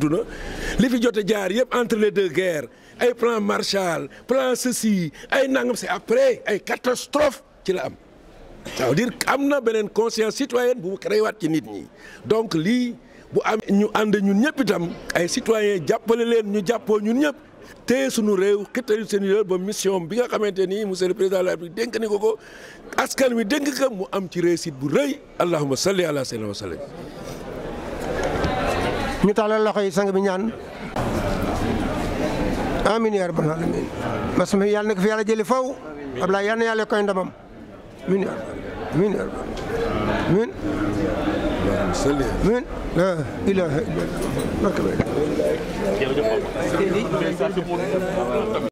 aduna li fi jotté jaar yépp entre les deux guerres ay plan Marshall plan ceci ay nangam c'est après ay catastrophe ci la am ça veut dire amna benen conscience citoyenne bu créé wat ci nit ñi donc li bu am ñu and ñun ñëpp itam ay citoyens jappalé leen ñu jappo ñun ñëpp té suñu réew xitali suñu réew ba mission bi nga xamanté ni monsieur le président de la République dénk ni ko ko askan wi dénk ko mu am ci réussite bu reuy allahumma salli ala sayyidina wa sallam ñu tàllal loxo yi sang bi ñaan amin yaa rabbal alamin mas mi yàlla na fi yàlla jëli faw Ablaye yàlla na yàlla koy ndamam min yaa min yaa min min la ilaha illallah